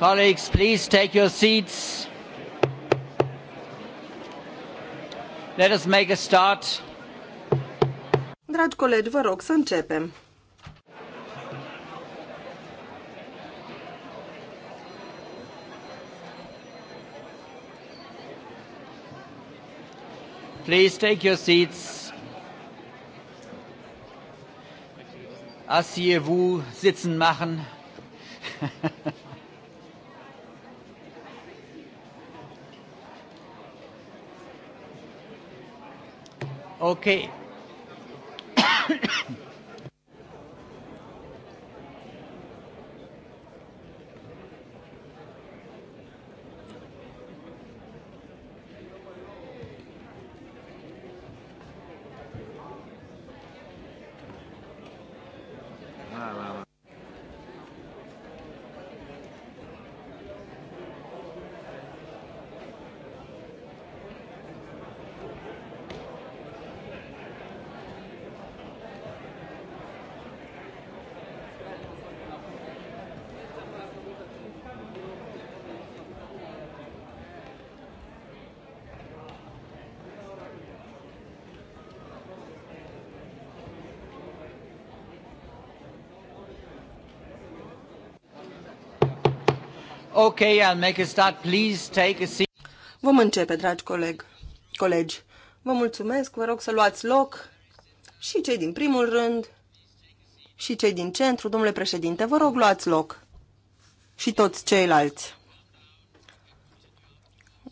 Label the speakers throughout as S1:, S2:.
S1: Colleagues, please take your seats. Let us make a start. Dragi colegi, vă rog să începem. Please take your seats. Asseyez-vous, sitzen machen. Okay. Okay, I'll make a start. Please take a seat. Vom începe, dragi coleg, colegi. Vă mulțumesc, vă rog să luați loc și cei din primul rând și cei din centru. Domnule președinte, vă rog luați loc și toți ceilalți.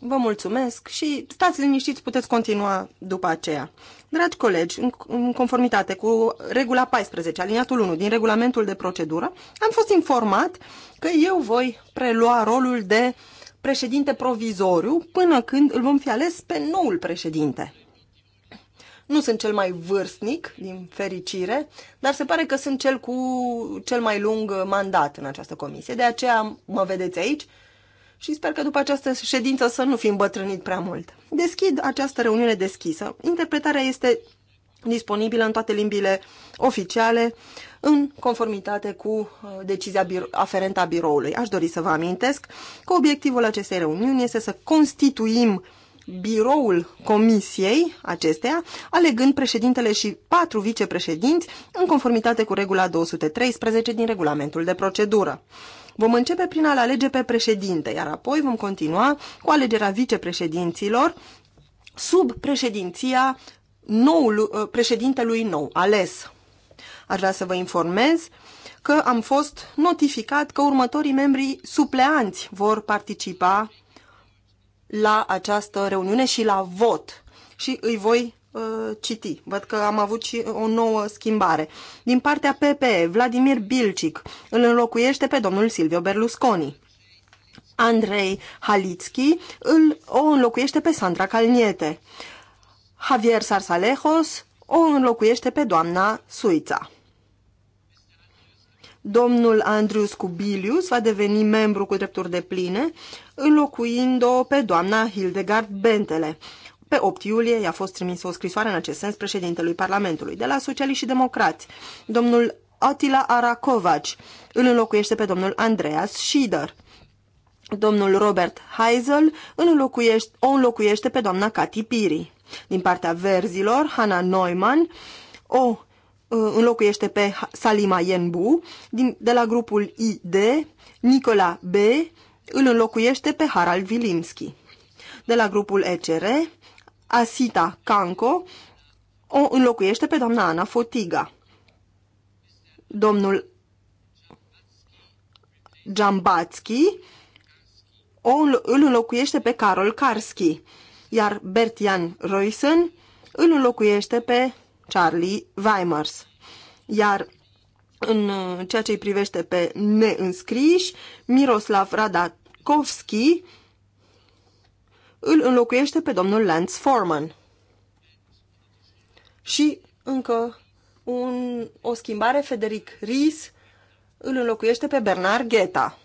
S1: Vă mulțumesc și stați liniștiți, puteți continua după aceea. Dragi colegi, în conformitate cu regula 14, aliniatul 1 din regulamentul de procedură, am fost informat că eu voi prelua rolul de președinte provizoriu până când îl vom fi ales pe noul președinte. Nu sunt cel mai vârstnic, din fericire, dar se pare că sunt cel cu cel mai lung mandat în această comisie. De aceea mă vedeți aici și sper că după această ședință să nu fi îmbătrânit prea mult. Deschid această reuniune deschisă. Interpretarea este disponibilă în toate limbile oficiale, în conformitate cu uh, decizia aferentă a biroului. Aș dori să vă amintesc că obiectivul acestei reuniuni este să constituim biroul comisiei acesteia, alegând președintele și patru vicepreședinți în conformitate cu regula 213 din regulamentul de procedură. Vom începe prin a-l alege pe președinte, iar apoi vom continua cu alegerea vicepreședinților sub președinția noului, uh, președintelui nou ales. Aș vrea să vă informez că am fost notificat că următorii membri supleanți vor participa la această reuniune și la vot și îi voi Uh, citi. Văd că am avut și o nouă schimbare. Din partea PPE, Vladimir Bilcic îl înlocuiește pe domnul Silvio Berlusconi. Andrei Halitski îl o înlocuiește pe Sandra Calniete. Javier Sarsalejos o înlocuiește pe doamna Suița. Domnul Andrew Scubilius va deveni membru cu drepturi de pline, înlocuind-o pe doamna Hildegard Bentele. Pe 8 iulie i-a fost trimisă o scrisoare în acest sens președintelui Parlamentului de la Socialiști și Democrați. Domnul Atila Aracovaci îl înlocuiește pe domnul Andreas Schieder. Domnul Robert Heisel îl înlocuiește, o înlocuiește pe doamna Cati Piri. Din partea verzilor, Hanna Neumann o uh, înlocuiește pe Salima Yenbu. Din, de la grupul ID, Nicola B îl înlocuiește pe Harald Vilimski. De la grupul ECR, Asita Canco o înlocuiește pe doamna Ana Fotiga. Domnul Jambatski o, îl înlocuiește pe Carol Karski, iar Bertian Roysen îl înlocuiește pe Charlie Weimers. Iar în uh, ceea ce îi privește pe neînscriși, Miroslav Radakovski îl înlocuiește pe domnul Lance Foreman. Și încă un, o schimbare, Federic Ries îl înlocuiește pe Bernard Gheta.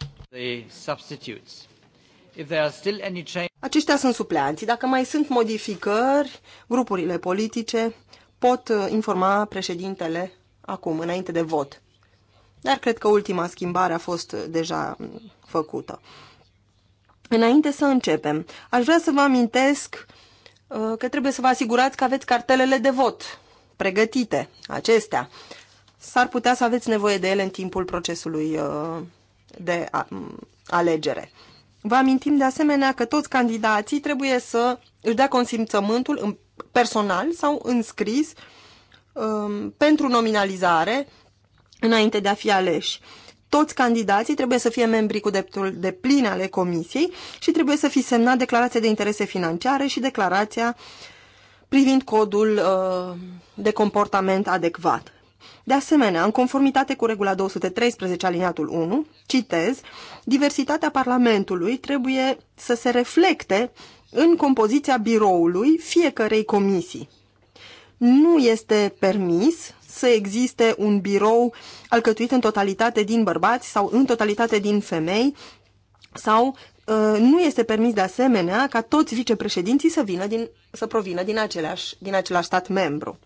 S1: Aceștia sunt supleanții. Dacă mai sunt modificări, grupurile politice pot uh, informa președintele acum, înainte de vot. Dar cred că ultima schimbare a fost uh, deja mm, făcută. Înainte să începem, aș vrea să vă amintesc uh, că trebuie să vă asigurați că aveți cartelele de vot pregătite, acestea. S-ar putea să aveți nevoie de ele în timpul procesului uh, de alegere. Vă amintim de asemenea că toți candidații trebuie să își dea consimțământul personal sau înscris um, pentru nominalizare înainte de a fi aleși toți candidații trebuie să fie membri cu dreptul de plin ale comisiei și trebuie să fi semnat declarația de interese financiare și declarația privind codul uh, de comportament adecvat. De asemenea, în conformitate cu regula 213 aliniatul 1, citez, diversitatea Parlamentului trebuie să se reflecte în compoziția biroului fiecărei comisii. Nu este permis să existe un birou alcătuit în totalitate din bărbați sau în totalitate din femei sau uh, nu este permis de asemenea ca toți vicepreședinții să, vină din, să provină din, aceleași, din același stat membru.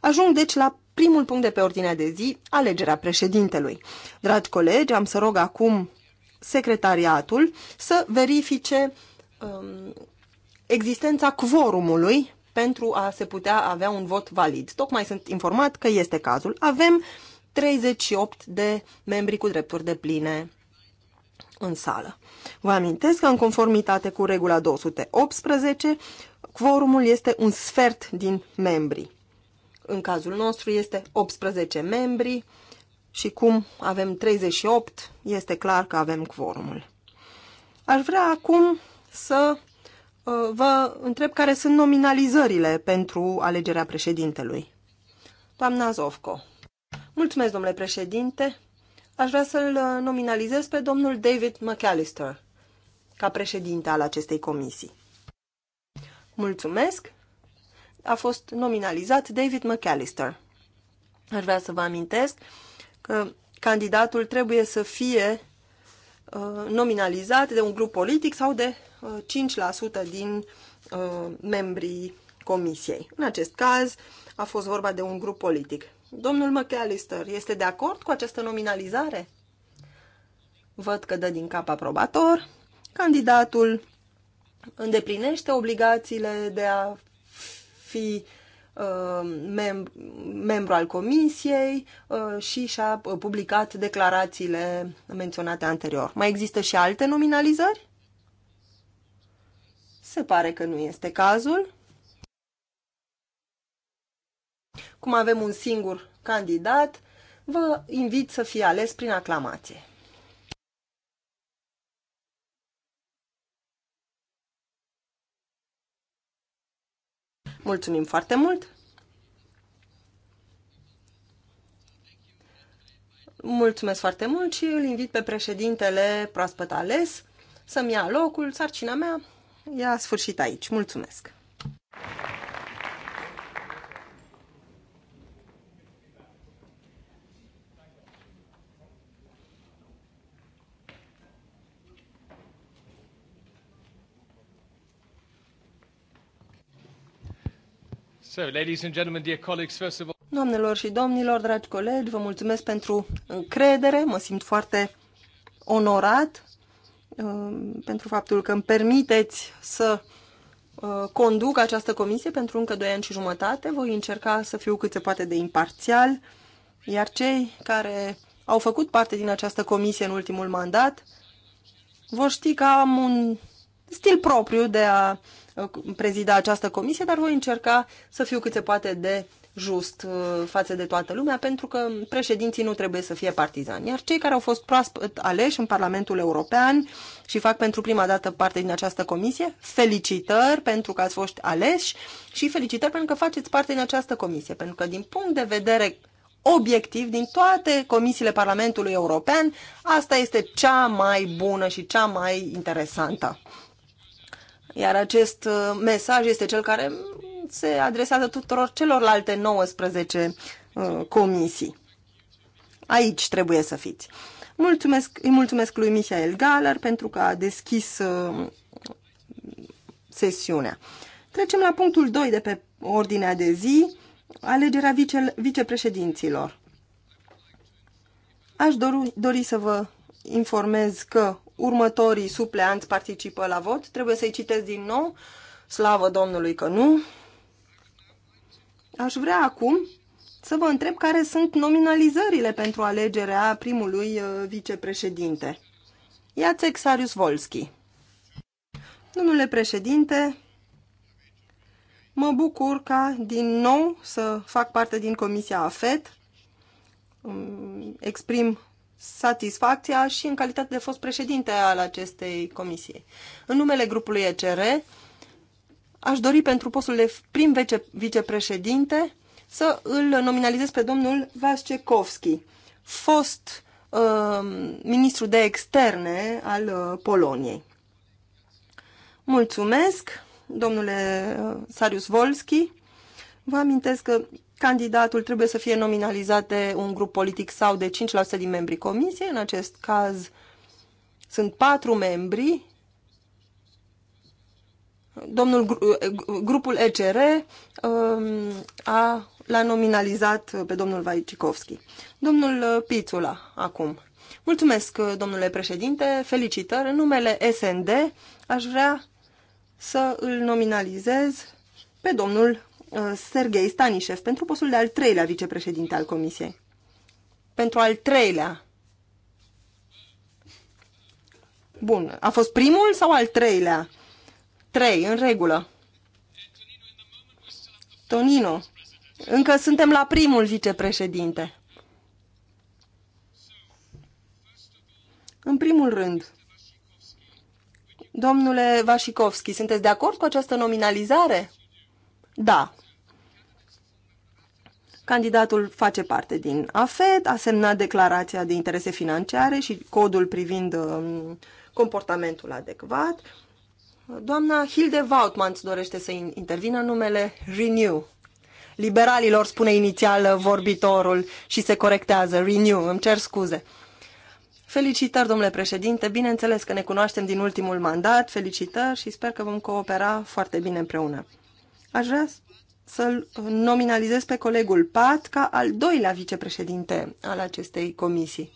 S1: Ajung deci la primul punct de pe ordinea de zi, alegerea președintelui. Dragi colegi, am să rog acum secretariatul să verifice um, existența quorumului pentru a se putea avea un vot valid. Tocmai sunt informat că este cazul. Avem 38 de membri cu drepturi de pline în sală. Vă amintesc că în conformitate cu regula 218, quorumul este un sfert din membri. În cazul nostru este 18 membri și cum avem 38, este clar că avem quorumul. Aș vrea acum să Uh, vă întreb care sunt nominalizările pentru alegerea președintelui. Doamna Zovco. Mulțumesc, domnule președinte. Aș vrea să-l uh, nominalizez pe domnul David McAllister ca președinte al acestei comisii. Mulțumesc. A fost nominalizat David McAllister. Aș vrea să vă amintesc că candidatul trebuie să fie Uh, nominalizat de un grup politic sau de 5% uh, din uh, membrii comisiei. În acest caz a fost vorba de un grup politic. Domnul McAllister este de acord cu această nominalizare? Văd că dă din cap aprobator. Candidatul îndeplinește obligațiile de a fi uh, Uh, mem- membru al comisiei uh, și și-a uh, publicat declarațiile menționate anterior. Mai există și alte nominalizări? Se pare că nu este cazul. Cum avem un singur candidat, vă invit să fie ales prin aclamație. Mulțumim foarte mult! Mulțumesc foarte mult și îl invit pe președintele proaspăt ales să-mi ia locul. Sarcina mea Ea a sfârșit aici. Mulțumesc! So, ladies and gentlemen, dear colleagues, first of all... Doamnelor și domnilor, dragi colegi, vă mulțumesc pentru încredere, mă simt foarte onorat uh, pentru faptul că îmi permiteți să uh, conduc această comisie pentru încă doi ani și jumătate. Voi încerca să fiu cât se poate de imparțial, iar cei care au făcut parte din această comisie în ultimul mandat vor ști că am un stil propriu de a Uh, prezida această comisie, dar voi încerca să fiu cât se poate de just uh, față de toată lumea, pentru că președinții nu trebuie să fie partizani. Iar cei care au fost proaspăt aleși în Parlamentul European și fac pentru prima dată parte din această comisie, felicitări pentru că ați fost aleși și felicitări pentru că faceți parte din această comisie, pentru că din punct de vedere obiectiv din toate comisiile Parlamentului European, asta este cea mai bună și cea mai interesantă. Iar acest uh, mesaj este cel care se adresează tuturor celorlalte 19 uh, comisii. Aici trebuie să fiți. Mulțumesc, îi mulțumesc lui Michael Galar pentru că a deschis uh, sesiunea. Trecem la punctul 2 de pe ordinea de zi, alegerea vice, vicepreședinților. Aș dori, dori să vă informez că următorii supleanți participă la vot. Trebuie să-i citesc din nou. Slavă Domnului că nu. Aș vrea acum să vă întreb care sunt nominalizările pentru alegerea primului uh, vicepreședinte. Iați Exarius Volski. Domnule președinte, mă bucur ca din nou să fac parte din Comisia AFET. Exprim satisfacția și în calitate de fost președinte al acestei comisii. În numele grupului ECR, aș dori pentru postul de prim vice, vicepreședinte să îl nominalizez pe domnul Vascekovski, fost uh, ministru de externe al uh, Poloniei. Mulțumesc, domnule uh, Sarius Volski. Vă amintesc că candidatul trebuie să fie nominalizat de un grup politic sau de 5% din membrii comisiei. În acest caz sunt patru membri. Domnul, eh, grupul ECR ehm, a, l-a nominalizat pe domnul Vajcikovski. Domnul eh, Pițula, acum. Mulțumesc, eh, domnule președinte, felicitări. În numele SND aș vrea să îl nominalizez pe domnul Uh, Sergei Stanishev pentru postul de al treilea vicepreședinte al Comisiei. Pentru al treilea. Bun. A fost primul sau al treilea? Trei, în regulă. Tonino. Încă suntem la primul vicepreședinte. În primul rând, domnule Vasikovski, sunteți de acord cu această nominalizare? Da. Candidatul face parte din AFED, a semnat declarația de interese financiare și codul privind um, comportamentul adecvat. Doamna Hilde Vautmans dorește să intervină numele Renew. Liberalilor spune inițial vorbitorul și se corectează. Renew, îmi cer scuze. Felicitări, domnule președinte. Bineînțeles că ne cunoaștem din ultimul mandat. Felicitări și sper că vom coopera foarte bine împreună. Aș vrea să-l nominalizez pe colegul Pat ca al doilea vicepreședinte al acestei comisii.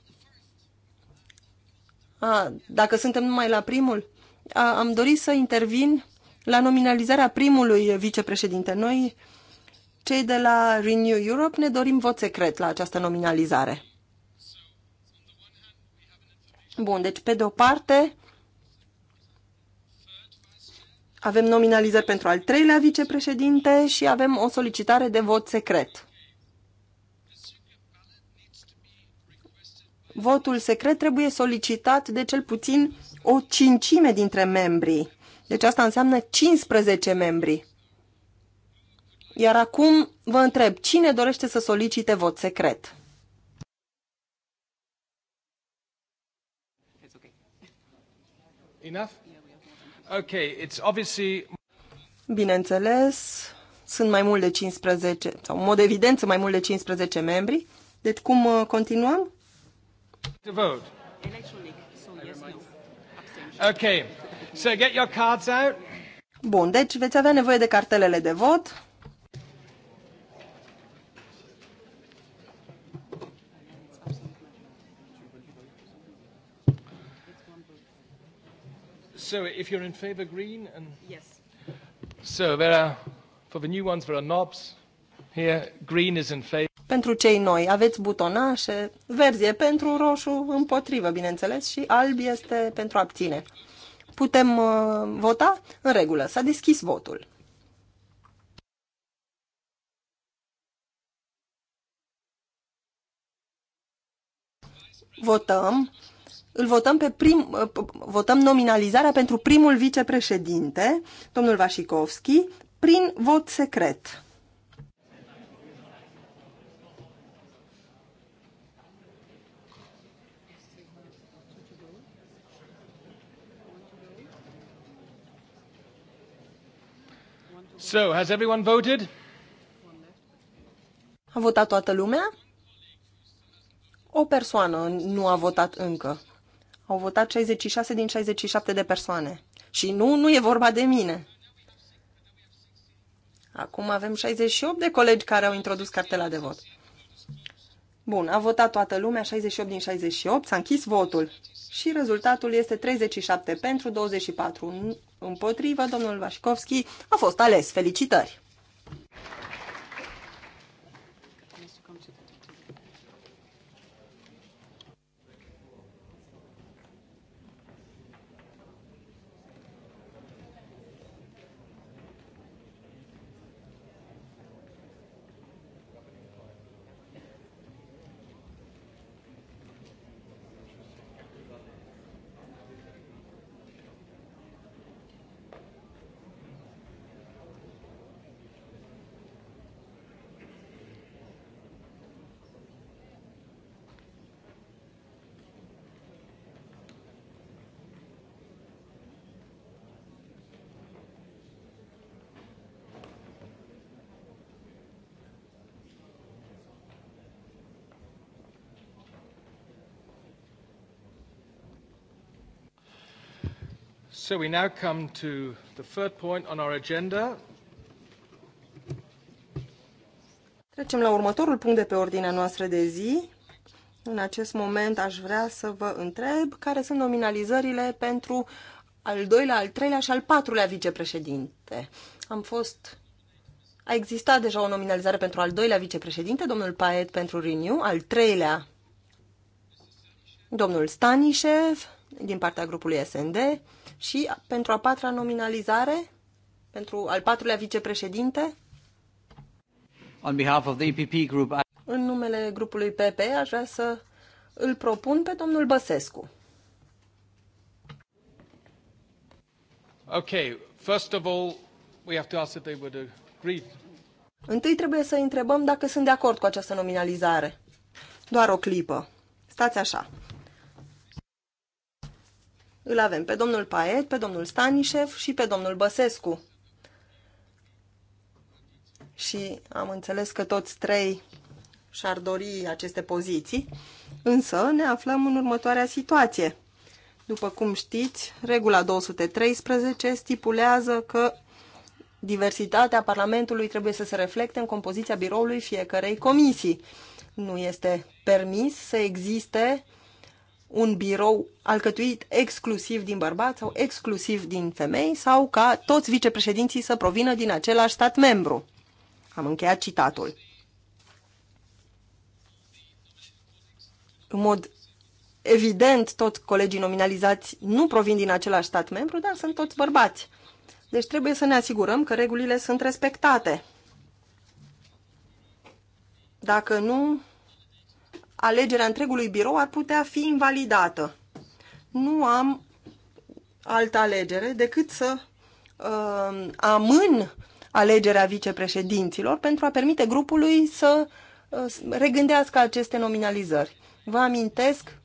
S1: A, dacă suntem numai la primul, a, am dorit să intervin la nominalizarea primului vicepreședinte. Noi, cei de la Renew Europe, ne dorim vot secret la această nominalizare. Bun, deci pe de o parte avem nominalizări pentru al treilea vicepreședinte și avem o solicitare de vot secret. Votul secret trebuie solicitat de cel puțin o cincime dintre membrii. Deci asta înseamnă 15 membri. Iar acum vă întreb, cine dorește să solicite vot secret? Enough? Okay, it's obviously... Bineînțeles, sunt mai mult de 15, sau în mod evident sunt mai mult de 15 membri. Deci cum uh, continuăm? The vote. Okay. So get your cards out. Bun, deci veți avea nevoie de cartelele de vot. So if you're in favor, green and... Yes. So there are, for the new ones, there are knobs. Here, green is in favor. Pentru cei noi, aveți butonașe, verzi e pentru roșu, împotrivă, bineînțeles, și alb este pentru abține. Putem uh, vota? În regulă, s-a deschis votul. Votăm îl votăm pe prim, uh, votăm nominalizarea pentru primul vicepreședinte, domnul Vașikovski, prin vot secret. So, has everyone voted? A votat toată lumea? O persoană nu a votat încă. Au votat 66 din 67 de persoane. Și nu, nu e vorba de mine. Acum avem 68 de colegi care au introdus cartela de vot. Bun, a votat toată lumea, 68 din 68, s-a închis votul. Și rezultatul este 37 pentru, 24 împotrivă. Domnul Vașcovski a fost ales. Felicitări! So we now come to the third point on our agenda. Trecem la următorul punct de pe ordinea noastră de zi. În acest moment aș vrea să vă întreb care sunt nominalizările pentru al doilea, al treilea și al patrulea vicepreședinte. Am fost... A existat deja o nominalizare pentru al doilea vicepreședinte, domnul Paet pentru Renew, al treilea domnul Stanișev, din partea grupului SND și pentru a patra nominalizare, pentru al patrulea vicepreședinte. On behalf of the EPP group, I... În numele grupului PP aș vrea să îl propun pe domnul Băsescu. Ok, first of all, we have to ask if they would agree. Întâi trebuie să întrebăm dacă sunt de acord cu această nominalizare. Doar o clipă. Stați așa. Îl avem pe domnul Paet, pe domnul Stanișev și pe domnul Băsescu. Și am înțeles că toți trei și-ar dori aceste poziții, însă ne aflăm în următoarea situație. După cum știți, regula 213 stipulează că diversitatea Parlamentului trebuie să se reflecte în compoziția biroului fiecarei comisii. Nu este permis să existe un birou alcătuit exclusiv din bărbați sau exclusiv din femei sau ca toți vicepreședinții să provină din același stat membru. Am încheiat citatul. În mod evident, toți colegii nominalizați nu provin din același stat membru, dar sunt toți bărbați. Deci trebuie să ne asigurăm că regulile sunt respectate. Dacă nu, alegerea întregului birou ar putea fi invalidată. Nu am altă alegere decât să uh, amân alegerea vicepreședinților pentru a permite grupului să uh, regândească aceste nominalizări. Vă amintesc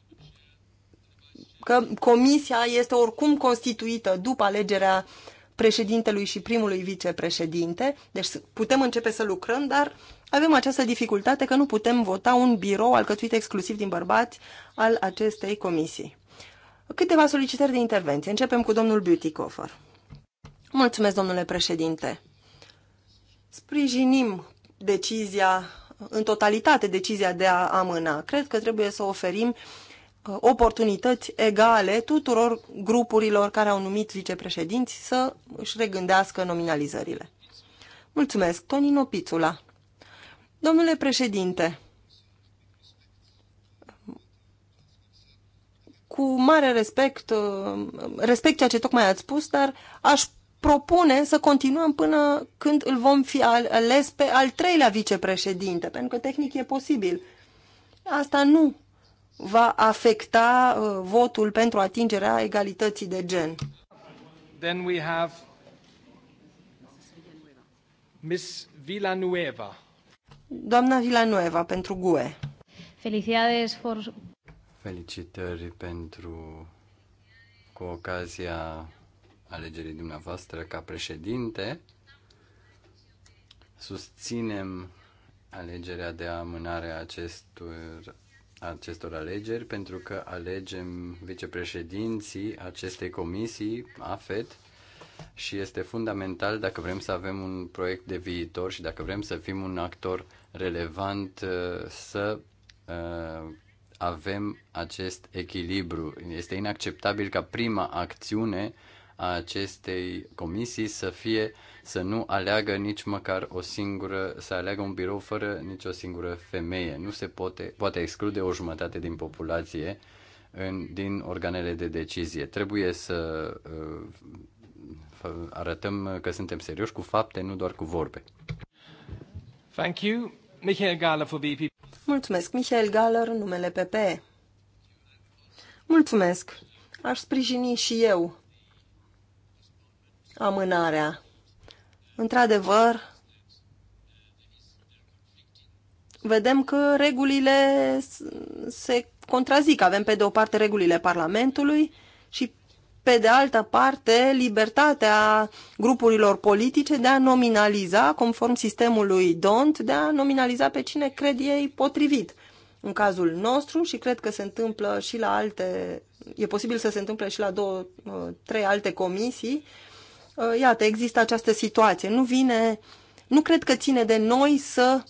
S1: că comisia este oricum constituită după alegerea președintelui și primului vicepreședinte. Deci putem începe să lucrăm, dar avem această dificultate că nu putem vota un birou alcătuit exclusiv din bărbați al acestei comisii. Câteva solicitări de intervenție. Începem cu domnul Beautycofer. Mulțumesc, domnule președinte. Sprijinim decizia, în totalitate, decizia de a amâna. Cred că trebuie să oferim Uh, oportunități egale tuturor grupurilor care au numit vicepreședinți să își regândească nominalizările. Mulțumesc, Tonino Pițula. Domnule președinte, cu mare respect, uh, respect ceea ce tocmai ați spus, dar aș propune să continuăm până când îl vom fi ales pe al treilea vicepreședinte, pentru că tehnic e posibil. Asta nu va afecta uh, votul pentru atingerea egalității de gen. Then we have Miss Villanueva. Doamna Villanueva pentru GUE. Felicidades for... Felicitări pentru cu ocazia alegerii dumneavoastră ca președinte. Susținem alegerea de amânare a acestor acestor alegeri pentru că alegem vicepreședinții acestei comisii, AFET, și este fundamental dacă vrem să avem un proiect de viitor și dacă vrem să fim un actor relevant uh, să uh, avem acest echilibru. Este inacceptabil ca prima acțiune a acestei comisii să fie să nu aleagă nici măcar o singură, să aleagă un birou fără nicio singură femeie. Nu se poate, poate exclude o jumătate din populație în, din organele de decizie. Trebuie să uh, arătăm că suntem serioși cu fapte, nu doar cu vorbe. Thank you. Michael Galler for BP. Mulțumesc, Michael Galler, numele PP. Mulțumesc. Aș sprijini și eu amânarea. Într-adevăr, vedem că regulile se contrazic. Avem pe de o parte regulile Parlamentului și pe de altă parte libertatea grupurilor politice de a nominaliza, conform sistemului DONT, de a nominaliza pe cine cred ei potrivit. În cazul nostru și cred că se întâmplă și la alte, e posibil să se întâmple și la două, trei alte comisii, uh, Uh, iată, există această situație. Nu vine, nu cred că ține de noi să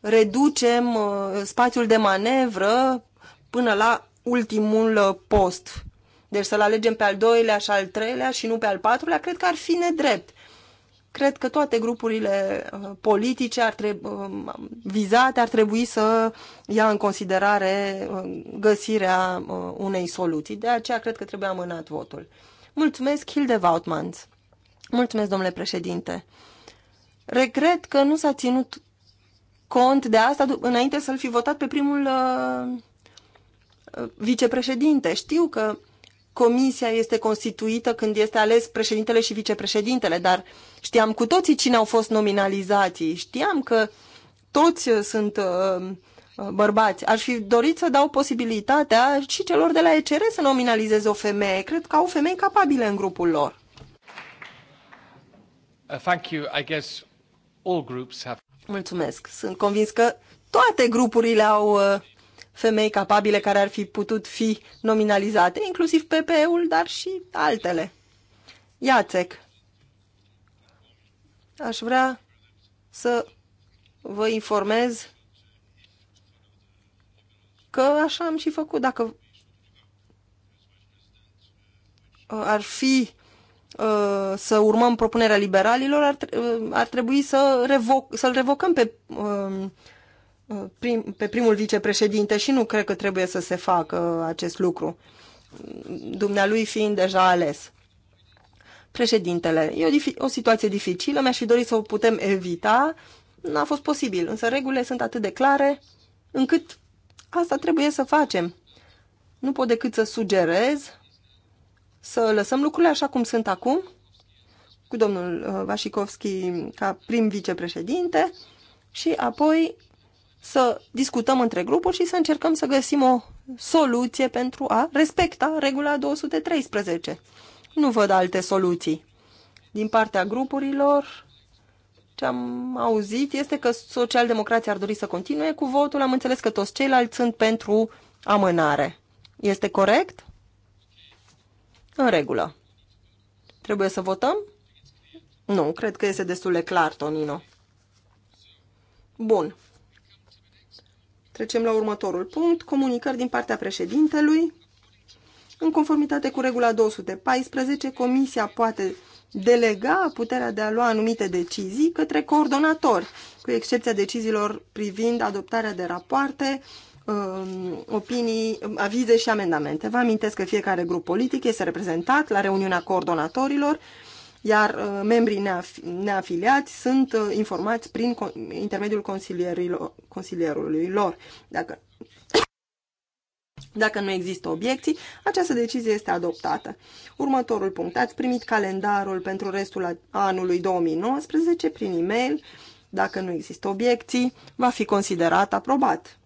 S1: reducem uh, spațiul de manevră până la ultimul uh, post. Deci să-l alegem pe al doilea și al treilea și nu pe al patrulea, cred că ar fi nedrept. Cred că toate grupurile politice ar trebui vizate ar trebui să ia în considerare găsirea unei soluții. De aceea cred că trebuie amânat votul. Mulțumesc, Hilde Vautmans. Mulțumesc, domnule președinte. Regret că nu s-a ținut cont de asta înainte să-l fi votat pe primul uh, vicepreședinte. Știu că comisia este constituită când este ales președintele și vicepreședintele, dar știam cu toții cine au fost nominalizații, știam că toți sunt uh, uh bărbați. Aș fi dorit să dau posibilitatea și celor de la ECR să nominalizeze o femeie. Cred că au femei capabile în grupul lor. Uh, thank you. I guess all groups have... Mulțumesc. Sunt convins că toate grupurile au uh, femei capabile care ar fi putut fi nominalizate, inclusiv PPE-ul, dar și altele. Iațec, aș vrea să vă informez că așa am și făcut. Dacă uh, ar fi Uh, să urmăm propunerea liberalilor, ar, uh, ar trebui să revoc, să-l revocăm pe, um, uh, prim, pe primul vicepreședinte și nu cred că trebuie să se facă acest lucru, dumnealui fiind deja ales. Președintele, e o, o situație dificilă, mi-aș fi dorit să o putem evita, nu a fost posibil, însă regulile sunt atât de clare încât asta trebuie să facem. Nu pot decât să sugerez să lăsăm lucrurile așa cum sunt acum, cu domnul uh, Vasikovski ca prim vicepreședinte și apoi să discutăm între grupuri și să încercăm să găsim o soluție pentru a respecta regula 213. Nu văd alte soluții. Din partea grupurilor, ce am auzit este că socialdemocrația ar dori să continue cu votul. Am înțeles că toți ceilalți sunt pentru amânare. Este corect? În regulă. Trebuie să votăm? Nu, cred că este destul de clar, Tonino. Bun. Trecem la următorul punct, comunicări din partea președintelui. În conformitate cu regula 214, comisia poate delega puterea de a lua anumite decizii către coordonatori, cu excepția deciziilor privind adoptarea de rapoarte, Um, opinii, avize și amendamente. Vă amintesc că fiecare grup politic este reprezentat la reuniunea coordonatorilor, iar uh, membrii neafiliați sunt uh, informați prin intermediul consilierului lor. Dacă, dacă nu există obiecții, această decizie este adoptată. Următorul punct. Ați primit calendarul pentru restul anului 2019 prin e-mail. Dacă nu există obiecții, va fi considerat aprobat.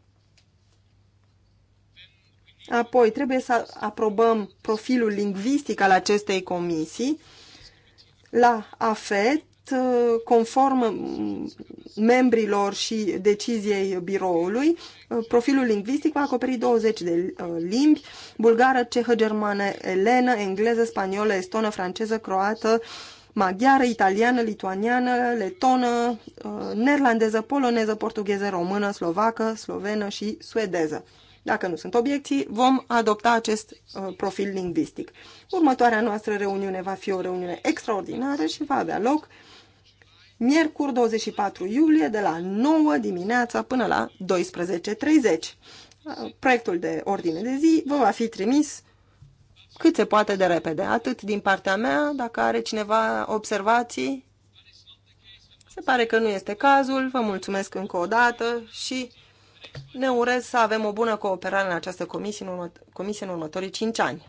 S1: Apoi, trebuie să aprobăm profilul lingvistic al acestei comisii. La AFET, conform membrilor și deciziei biroului, profilul lingvistic va acoperi 20 de uh, limbi, bulgară, cehă, germană, elenă, engleză, spaniolă, estonă, franceză, croată, maghiară, italiană, lituaniană, letonă, uh, neerlandeză, poloneză, portugheză, română, slovacă, slovenă și suedeză. Dacă nu sunt obiecții, vom adopta acest uh, profil lingvistic. Următoarea noastră reuniune va fi o reuniune extraordinară și va avea loc miercuri 24 iulie de la 9 dimineața până la 12.30. Uh, proiectul de ordine de zi vă va fi trimis cât se poate de repede, atât din partea mea, dacă are cineva observații. Se pare că nu este cazul, vă mulțumesc încă o dată și ne urez să avem o bună cooperare în această comisie în, urmă, comisie în următorii 5 ani.